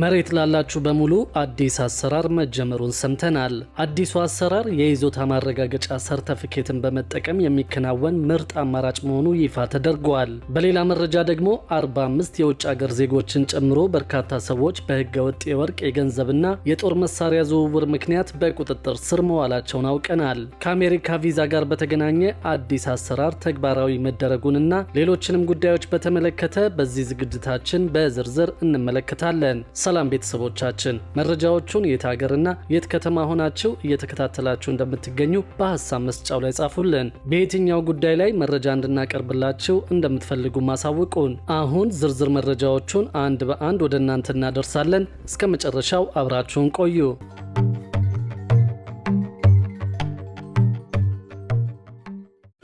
መሬት ላላችሁ በሙሉ አዲስ አሰራር መጀመሩን ሰምተናል። አዲሱ አሰራር የይዞታ ማረጋገጫ ሰርተፍኬትን በመጠቀም የሚከናወን ምርጥ አማራጭ መሆኑ ይፋ ተደርጓል። በሌላ መረጃ ደግሞ 45 የውጭ አገር ዜጎችን ጨምሮ በርካታ ሰዎች ወጥ የወርቅ የገንዘብና የጦር መሳሪያ ዝውውር ምክንያት በቁጥጥር ስር መዋላቸውን አውቀናል። ከአሜሪካ ቪዛ ጋር በተገናኘ አዲስ አሰራር ተግባራዊ መደረጉንና ሌሎችንም ጉዳዮች በተመለከተ በዚህ ዝግጅታችን በዝርዝር እንመለከታለን። ሰላም ቤተሰቦቻችን፣ መረጃዎቹን የት ሀገርና የት ከተማ ሆናችሁ እየተከታተላችሁ እንደምትገኙ በሀሳብ መስጫው ላይ ጻፉልን። በየትኛው ጉዳይ ላይ መረጃ እንድናቀርብላችሁ እንደምትፈልጉ ማሳውቁን። አሁን ዝርዝር መረጃዎቹን አንድ በአንድ ወደ እናንተ እናደርሳለን። እስከ መጨረሻው አብራችሁን ቆዩ።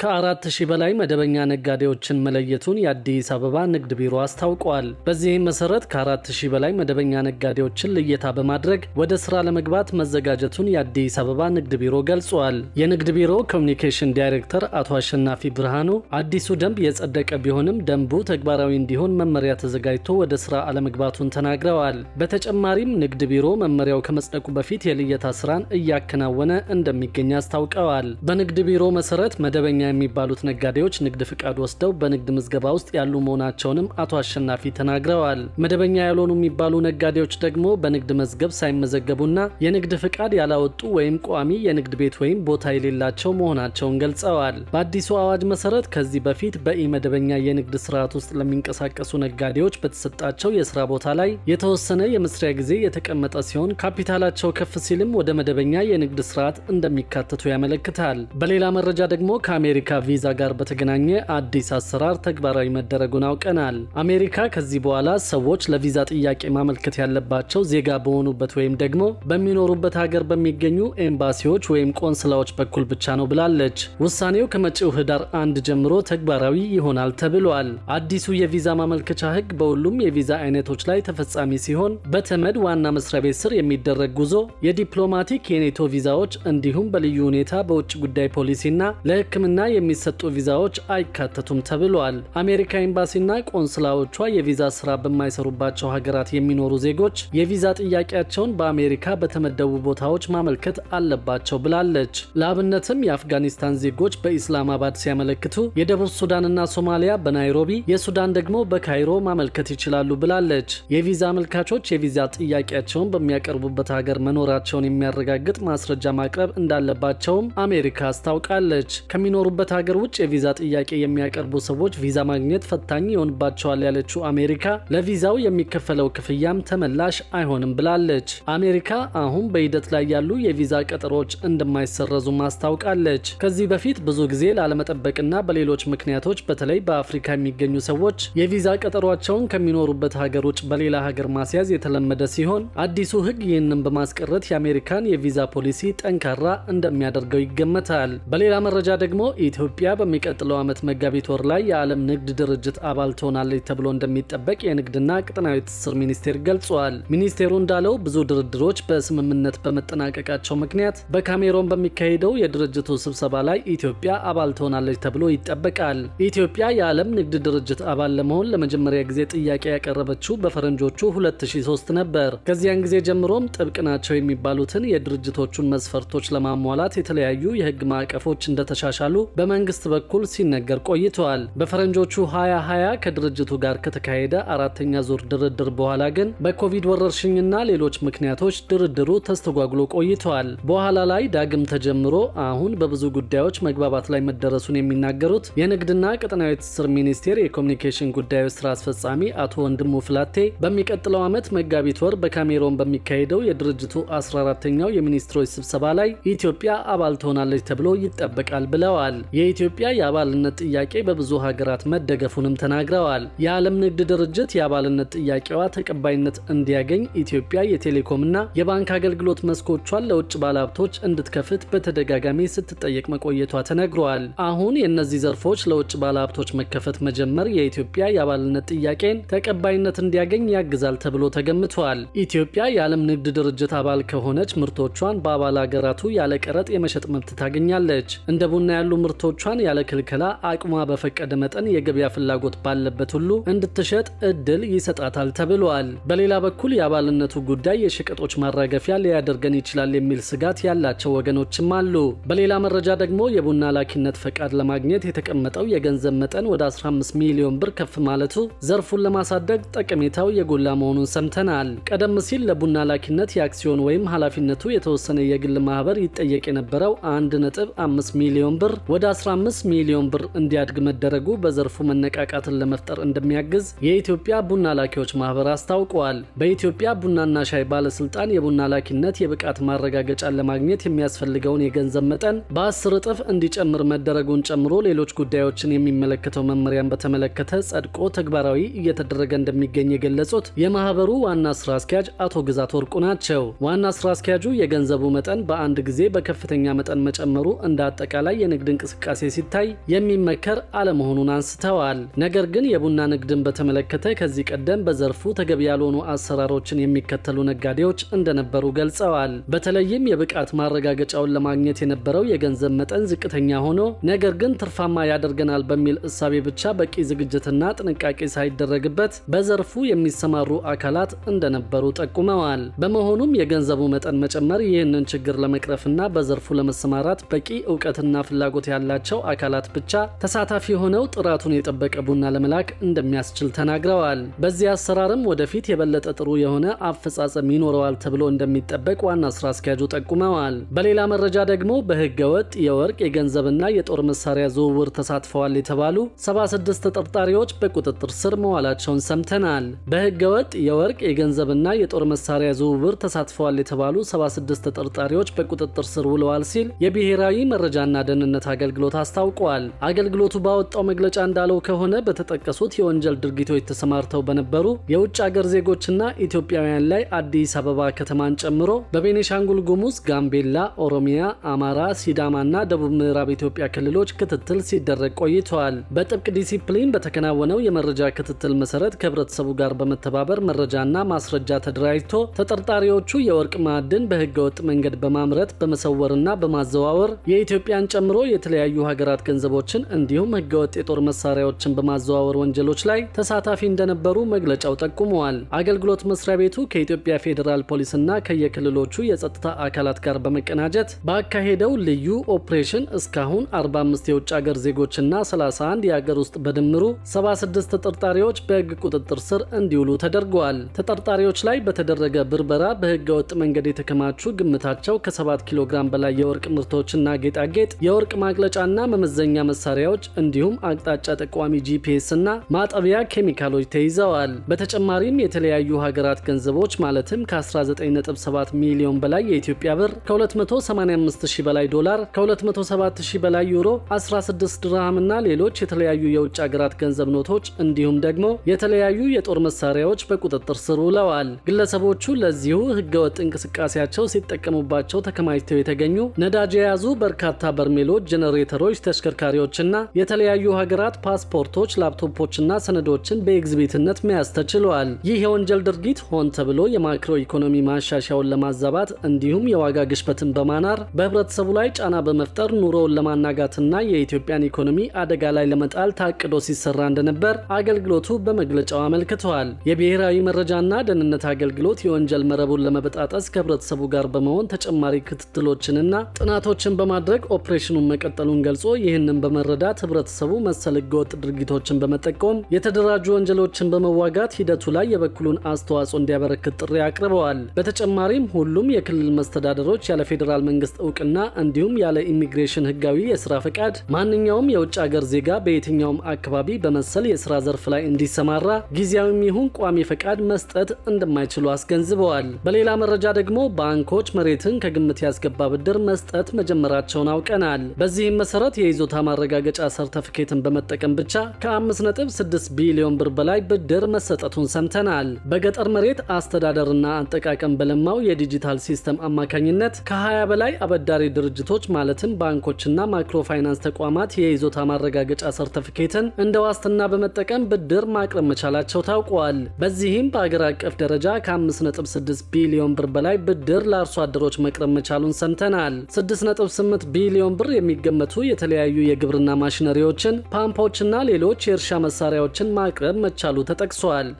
ከአራት ሺህ በላይ መደበኛ ነጋዴዎችን መለየቱን የአዲስ አበባ ንግድ ቢሮ አስታውቋል። በዚህም መሰረት ከአራት ሺህ በላይ መደበኛ ነጋዴዎችን ልየታ በማድረግ ወደ ስራ ለመግባት መዘጋጀቱን የአዲስ አበባ ንግድ ቢሮ ገልጿል። የንግድ ቢሮ ኮሚኒኬሽን ዳይሬክተር አቶ አሸናፊ ብርሃኑ አዲሱ ደንብ የጸደቀ ቢሆንም ደንቡ ተግባራዊ እንዲሆን መመሪያ ተዘጋጅቶ ወደ ስራ አለመግባቱን ተናግረዋል። በተጨማሪም ንግድ ቢሮ መመሪያው ከመጽደቁ በፊት የልየታ ስራን እያከናወነ እንደሚገኝ አስታውቀዋል። በንግድ ቢሮ መሰረት መደበኛ የሚባሉት ነጋዴዎች ንግድ ፍቃድ ወስደው በንግድ ምዝገባ ውስጥ ያሉ መሆናቸውንም አቶ አሸናፊ ተናግረዋል። መደበኛ ያልሆኑ የሚባሉ ነጋዴዎች ደግሞ በንግድ መዝገብ ሳይመዘገቡና የንግድ ፍቃድ ያላወጡ ወይም ቋሚ የንግድ ቤት ወይም ቦታ የሌላቸው መሆናቸውን ገልጸዋል። በአዲሱ አዋጅ መሰረት ከዚህ በፊት በኢመደበኛ የንግድ ስርዓት ውስጥ ለሚንቀሳቀሱ ነጋዴዎች በተሰጣቸው የስራ ቦታ ላይ የተወሰነ የመስሪያ ጊዜ የተቀመጠ ሲሆን ካፒታላቸው ከፍ ሲልም ወደ መደበኛ የንግድ ስርዓት እንደሚካተቱ ያመለክታል። በሌላ መረጃ ደግሞ ከአሜሪካ ከአሜሪካ ቪዛ ጋር በተገናኘ አዲስ አሰራር ተግባራዊ መደረጉን አውቀናል። አሜሪካ ከዚህ በኋላ ሰዎች ለቪዛ ጥያቄ ማመልከት ያለባቸው ዜጋ በሆኑበት ወይም ደግሞ በሚኖሩበት ሀገር በሚገኙ ኤምባሲዎች ወይም ቆንስላዎች በኩል ብቻ ነው ብላለች። ውሳኔው ከመጪው ህዳር አንድ ጀምሮ ተግባራዊ ይሆናል ተብሏል። አዲሱ የቪዛ ማመልከቻ ህግ በሁሉም የቪዛ አይነቶች ላይ ተፈጻሚ ሲሆን በተመድ ዋና መስሪያ ቤት ስር የሚደረግ ጉዞ፣ የዲፕሎማቲክ የኔቶ ቪዛዎች እንዲሁም በልዩ ሁኔታ በውጭ ጉዳይ ፖሊሲና ለህክምና የሚሰጡ ቪዛዎች አይካተቱም ተብሏል። አሜሪካ ኤምባሲና ቆንስላዎቿ የቪዛ ስራ በማይሰሩባቸው ሀገራት የሚኖሩ ዜጎች የቪዛ ጥያቄያቸውን በአሜሪካ በተመደቡ ቦታዎች ማመልከት አለባቸው ብላለች። ለአብነትም የአፍጋኒስታን ዜጎች በኢስላማባድ ሲያመለክቱ፣ የደቡብ ሱዳንና ሶማሊያ በናይሮቢ፣ የሱዳን ደግሞ በካይሮ ማመልከት ይችላሉ ብላለች። የቪዛ አመልካቾች የቪዛ ጥያቄያቸውን በሚያቀርቡበት ሀገር መኖራቸውን የሚያረጋግጥ ማስረጃ ማቅረብ እንዳለባቸውም አሜሪካ አስታውቃለች። ከሚኖሩ ከሚኖሩበት ሀገር ውጭ የቪዛ ጥያቄ የሚያቀርቡ ሰዎች ቪዛ ማግኘት ፈታኝ ይሆንባቸዋል ያለችው አሜሪካ ለቪዛው የሚከፈለው ክፍያም ተመላሽ አይሆንም ብላለች። አሜሪካ አሁን በሂደት ላይ ያሉ የቪዛ ቀጠሮች እንደማይሰረዙ ማስታውቃለች። ከዚህ በፊት ብዙ ጊዜ ላለመጠበቅና በሌሎች ምክንያቶች በተለይ በአፍሪካ የሚገኙ ሰዎች የቪዛ ቀጠሯቸውን ከሚኖሩበት ሀገር ውጭ በሌላ ሀገር ማስያዝ የተለመደ ሲሆን አዲሱ ሕግ ይህንን በማስቀረት የአሜሪካን የቪዛ ፖሊሲ ጠንካራ እንደሚያደርገው ይገመታል። በሌላ መረጃ ደግሞ ኢትዮጵያ በሚቀጥለው ዓመት መጋቢት ወር ላይ የዓለም ንግድ ድርጅት አባል ትሆናለች ተብሎ እንደሚጠበቅ የንግድና ቀጣናዊ ትስስር ሚኒስቴር ገልጿል። ሚኒስቴሩ እንዳለው ብዙ ድርድሮች በስምምነት በመጠናቀቃቸው ምክንያት በካሜሮን በሚካሄደው የድርጅቱ ስብሰባ ላይ ኢትዮጵያ አባል ትሆናለች ተብሎ ይጠበቃል። ኢትዮጵያ የዓለም ንግድ ድርጅት አባል ለመሆን ለመጀመሪያ ጊዜ ጥያቄ ያቀረበችው በፈረንጆቹ 2003 ነበር። ከዚያን ጊዜ ጀምሮም ጥብቅ ናቸው የሚባሉትን የድርጅቶቹን መስፈርቶች ለማሟላት የተለያዩ የህግ ማዕቀፎች እንደተሻሻሉ በመንግስት በኩል ሲነገር ቆይተዋል። በፈረንጆቹ 2020 ከድርጅቱ ጋር ከተካሄደ አራተኛ ዙር ድርድር በኋላ ግን በኮቪድ ወረርሽኝና ሌሎች ምክንያቶች ድርድሩ ተስተጓጉሎ ቆይተዋል። በኋላ ላይ ዳግም ተጀምሮ አሁን በብዙ ጉዳዮች መግባባት ላይ መደረሱን የሚናገሩት የንግድና ቀጠናዊ ትስስር ሚኒስቴር የኮሚኒኬሽን ጉዳዮች ስራ አስፈጻሚ አቶ ወንድሙ ፍላቴ በሚቀጥለው ዓመት መጋቢት ወር በካሜሮን በሚካሄደው የድርጅቱ 14ተኛው የሚኒስትሮች ስብሰባ ላይ ኢትዮጵያ አባል ትሆናለች ተብሎ ይጠበቃል ብለዋል። የኢትዮጵያ የአባልነት ጥያቄ በብዙ ሀገራት መደገፉንም ተናግረዋል። የዓለም ንግድ ድርጅት የአባልነት ጥያቄዋ ተቀባይነት እንዲያገኝ ኢትዮጵያ የቴሌኮምና የባንክ አገልግሎት መስኮቿን ለውጭ ባለሀብቶች እንድትከፍት በተደጋጋሚ ስትጠየቅ መቆየቷ ተነግረዋል። አሁን የእነዚህ ዘርፎች ለውጭ ባለሀብቶች መከፈት መጀመር የኢትዮጵያ የአባልነት ጥያቄን ተቀባይነት እንዲያገኝ ያግዛል ተብሎ ተገምቷል። ኢትዮጵያ የዓለም ንግድ ድርጅት አባል ከሆነች ምርቶቿን በአባል ሀገራቱ ያለ ቀረጥ የመሸጥ መብት ታገኛለች። እንደ ቡና ያሉ ምር ምርቶቿን ያለ ክልከላ አቅሟ በፈቀደ መጠን የገበያ ፍላጎት ባለበት ሁሉ እንድትሸጥ እድል ይሰጣታል ተብሏል። በሌላ በኩል የአባልነቱ ጉዳይ የሸቀጦች ማራገፊያ ሊያደርገን ይችላል የሚል ስጋት ያላቸው ወገኖችም አሉ። በሌላ መረጃ ደግሞ የቡና ላኪነት ፈቃድ ለማግኘት የተቀመጠው የገንዘብ መጠን ወደ 15 ሚሊዮን ብር ከፍ ማለቱ ዘርፉን ለማሳደግ ጠቀሜታው የጎላ መሆኑን ሰምተናል። ቀደም ሲል ለቡና ላኪነት የአክሲዮን ወይም ኃላፊነቱ የተወሰነ የግል ማህበር ይጠየቅ የነበረው 1.5 ሚሊዮን ብር ወደ ወደ 15 ሚሊዮን ብር እንዲያድግ መደረጉ በዘርፉ መነቃቃትን ለመፍጠር እንደሚያግዝ የኢትዮጵያ ቡና ላኪዎች ማህበር አስታውቀዋል። በኢትዮጵያ ቡናና ሻይ ባለስልጣን የቡና ላኪነት የብቃት ማረጋገጫን ለማግኘት የሚያስፈልገውን የገንዘብ መጠን በ10 እጥፍ እንዲጨምር መደረጉን ጨምሮ ሌሎች ጉዳዮችን የሚመለከተው መመሪያን በተመለከተ ጸድቆ ተግባራዊ እየተደረገ እንደሚገኝ የገለጹት የማህበሩ ዋና ስራ አስኪያጅ አቶ ግዛት ወርቁ ናቸው። ዋና ስራ አስኪያጁ የገንዘቡ መጠን በአንድ ጊዜ በከፍተኛ መጠን መጨመሩ እንደ አጠቃላይ የንግድ እንቅስቃሴ እንቅስቃሴ ሲታይ የሚመከር አለመሆኑን አንስተዋል። ነገር ግን የቡና ንግድን በተመለከተ ከዚህ ቀደም በዘርፉ ተገቢ ያልሆኑ አሰራሮችን የሚከተሉ ነጋዴዎች እንደነበሩ ገልጸዋል። በተለይም የብቃት ማረጋገጫውን ለማግኘት የነበረው የገንዘብ መጠን ዝቅተኛ ሆኖ ነገር ግን ትርፋማ ያደርገናል በሚል እሳቤ ብቻ በቂ ዝግጅትና ጥንቃቄ ሳይደረግበት በዘርፉ የሚሰማሩ አካላት እንደነበሩ ጠቁመዋል። በመሆኑም የገንዘቡ መጠን መጨመር ይህንን ችግር ለመቅረፍና በዘርፉ ለመሰማራት በቂ እውቀትና ፍላጎት ያላቸው አካላት ብቻ ተሳታፊ ሆነው ጥራቱን የጠበቀ ቡና ለመላክ እንደሚያስችል ተናግረዋል። በዚህ አሰራርም ወደፊት የበለጠ ጥሩ የሆነ አፈጻጸም ይኖረዋል ተብሎ እንደሚጠበቅ ዋና ስራ አስኪያጁ ጠቁመዋል። በሌላ መረጃ ደግሞ በህገ ወጥ የወርቅ የገንዘብና የጦር መሳሪያ ዝውውር ተሳትፈዋል የተባሉ 76 ተጠርጣሪዎች በቁጥጥር ስር መዋላቸውን ሰምተናል። በህገ ወጥ የወርቅ የገንዘብና የጦር መሳሪያ ዝውውር ተሳትፈዋል የተባሉ 76 ተጠርጣሪዎች በቁጥጥር ስር ውለዋል ሲል የብሔራዊ መረጃና ደህንነት አገ አገልግሎት አስታውቋል። አገልግሎቱ ባወጣው መግለጫ እንዳለው ከሆነ በተጠቀሱት የወንጀል ድርጊቶች ተሰማርተው በነበሩ የውጭ አገር ዜጎችና ኢትዮጵያውያን ላይ አዲስ አበባ ከተማን ጨምሮ በቤኔሻንጉል ጉሙዝ፣ ጋምቤላ፣ ኦሮሚያ፣ አማራ፣ ሲዳማና ደቡብ ምዕራብ ኢትዮጵያ ክልሎች ክትትል ሲደረግ ቆይተዋል። በጥብቅ ዲሲፕሊን በተከናወነው የመረጃ ክትትል መሰረት ከህብረተሰቡ ጋር በመተባበር መረጃና ማስረጃ ተደራጅቶ ተጠርጣሪዎቹ የወርቅ ማዕድን በህገወጥ መንገድ በማምረት በመሰወርና በማዘዋወር የኢትዮጵያን ጨምሮ የተለ የተለያዩ ሀገራት ገንዘቦችን እንዲሁም ህገወጥ የጦር መሳሪያዎችን በማዘዋወር ወንጀሎች ላይ ተሳታፊ እንደነበሩ መግለጫው ጠቁመዋል። አገልግሎት መስሪያ ቤቱ ከኢትዮጵያ ፌዴራል ፖሊስና ከየክልሎቹ የጸጥታ አካላት ጋር በመቀናጀት ባካሄደው ልዩ ኦፕሬሽን እስካሁን 45 የውጭ አገር ዜጎችና 31 የአገር ውስጥ በድምሩ 76 ተጠርጣሪዎች በህግ ቁጥጥር ስር እንዲውሉ ተደርገዋል። ተጠርጣሪዎች ላይ በተደረገ ብርበራ በህገወጥ መንገድ የተከማቹ ግምታቸው ከ7 ኪሎ ግራም በላይ የወርቅ ምርቶችና ጌጣጌጥ፣ የወርቅ ማቅለ መቅለጫና መመዘኛ መሳሪያዎች እንዲሁም አቅጣጫ ጠቋሚ ጂፒኤስ እና ማጠቢያ ኬሚካሎች ተይዘዋል። በተጨማሪም የተለያዩ ሀገራት ገንዘቦች ማለትም ከ19.7 ሚሊዮን በላይ የኢትዮጵያ ብር፣ ከ285 በላይ ዶላር፣ ከ270 በላይ ዩሮ፣ 16 ድርሃም እና ሌሎች የተለያዩ የውጭ ሀገራት ገንዘብ ኖቶች እንዲሁም ደግሞ የተለያዩ የጦር መሳሪያዎች በቁጥጥር ስር ውለዋል። ግለሰቦቹ ለዚሁ ህገወጥ እንቅስቃሴያቸው ሲጠቀሙባቸው ተከማችተው የተገኙ ነዳጅ የያዙ በርካታ በርሜሎች ጀነሬ ጀነሬተሮች፣ ተሽከርካሪዎችና የተለያዩ ሀገራት ፓስፖርቶች፣ ላፕቶፖችና ሰነዶችን በኤግዚቢትነት መያዝ ተችሏል። ይህ የወንጀል ድርጊት ሆን ተብሎ የማክሮ ኢኮኖሚ ማሻሻያውን ለማዛባት እንዲሁም የዋጋ ግሽበትን በማናር በህብረተሰቡ ላይ ጫና በመፍጠር ኑሮውን ለማናጋትና የኢትዮጵያን ኢኮኖሚ አደጋ ላይ ለመጣል ታቅዶ ሲሰራ እንደነበር አገልግሎቱ በመግለጫው አመልክተዋል። የብሔራዊ መረጃና ደህንነት አገልግሎት የወንጀል መረቡን ለመበጣጠስ ከህብረተሰቡ ጋር በመሆን ተጨማሪ ክትትሎችንና ጥናቶችን በማድረግ ኦፕሬሽኑን መቀጠል መቀጠሉን ገልጾ ይህንን በመረዳት ህብረተሰቡ መሰል ህገወጥ ድርጊቶችን በመጠቆም የተደራጁ ወንጀሎችን በመዋጋት ሂደቱ ላይ የበኩሉን አስተዋጽኦ እንዲያበረክት ጥሪ አቅርበዋል። በተጨማሪም ሁሉም የክልል መስተዳደሮች ያለ ፌዴራል መንግስት እውቅና እንዲሁም ያለ ኢሚግሬሽን ህጋዊ የስራ ፈቃድ ማንኛውም የውጭ አገር ዜጋ በየትኛውም አካባቢ በመሰል የስራ ዘርፍ ላይ እንዲሰማራ ጊዜያዊም ይሁን ቋሚ ፈቃድ መስጠት እንደማይችሉ አስገንዝበዋል። በሌላ መረጃ ደግሞ ባንኮች መሬትን ከግምት ያስገባ ብድር መስጠት መጀመራቸውን አውቀናል። በዚህም በዚህም መሰረት የይዞታ ማረጋገጫ ሰርተፍኬትን በመጠቀም ብቻ ከ5.6 ቢሊዮን ብር በላይ ብድር መሰጠቱን ሰምተናል። በገጠር መሬት አስተዳደርና አጠቃቀም በለማው የዲጂታል ሲስተም አማካኝነት ከ20 በላይ አበዳሪ ድርጅቶች ማለትም ባንኮችና ማይክሮፋይናንስ ተቋማት የይዞታ ማረጋገጫ ሰርተፍኬትን እንደ ዋስትና በመጠቀም ብድር ማቅረብ መቻላቸው ታውቋል። በዚህም በአገር አቀፍ ደረጃ ከ5.6 ቢሊዮን ብር በላይ ብድር ለአርሶ አደሮች መቅረብ መቻሉን ሰምተናል። 6.8 ቢሊዮን ብር የሚገመ በየዓመቱ የተለያዩ የግብርና ማሽነሪዎችን፣ ፓምፖችና ሌሎች የእርሻ መሳሪያዎችን ማቅረብ መቻሉ ተጠቅሷል።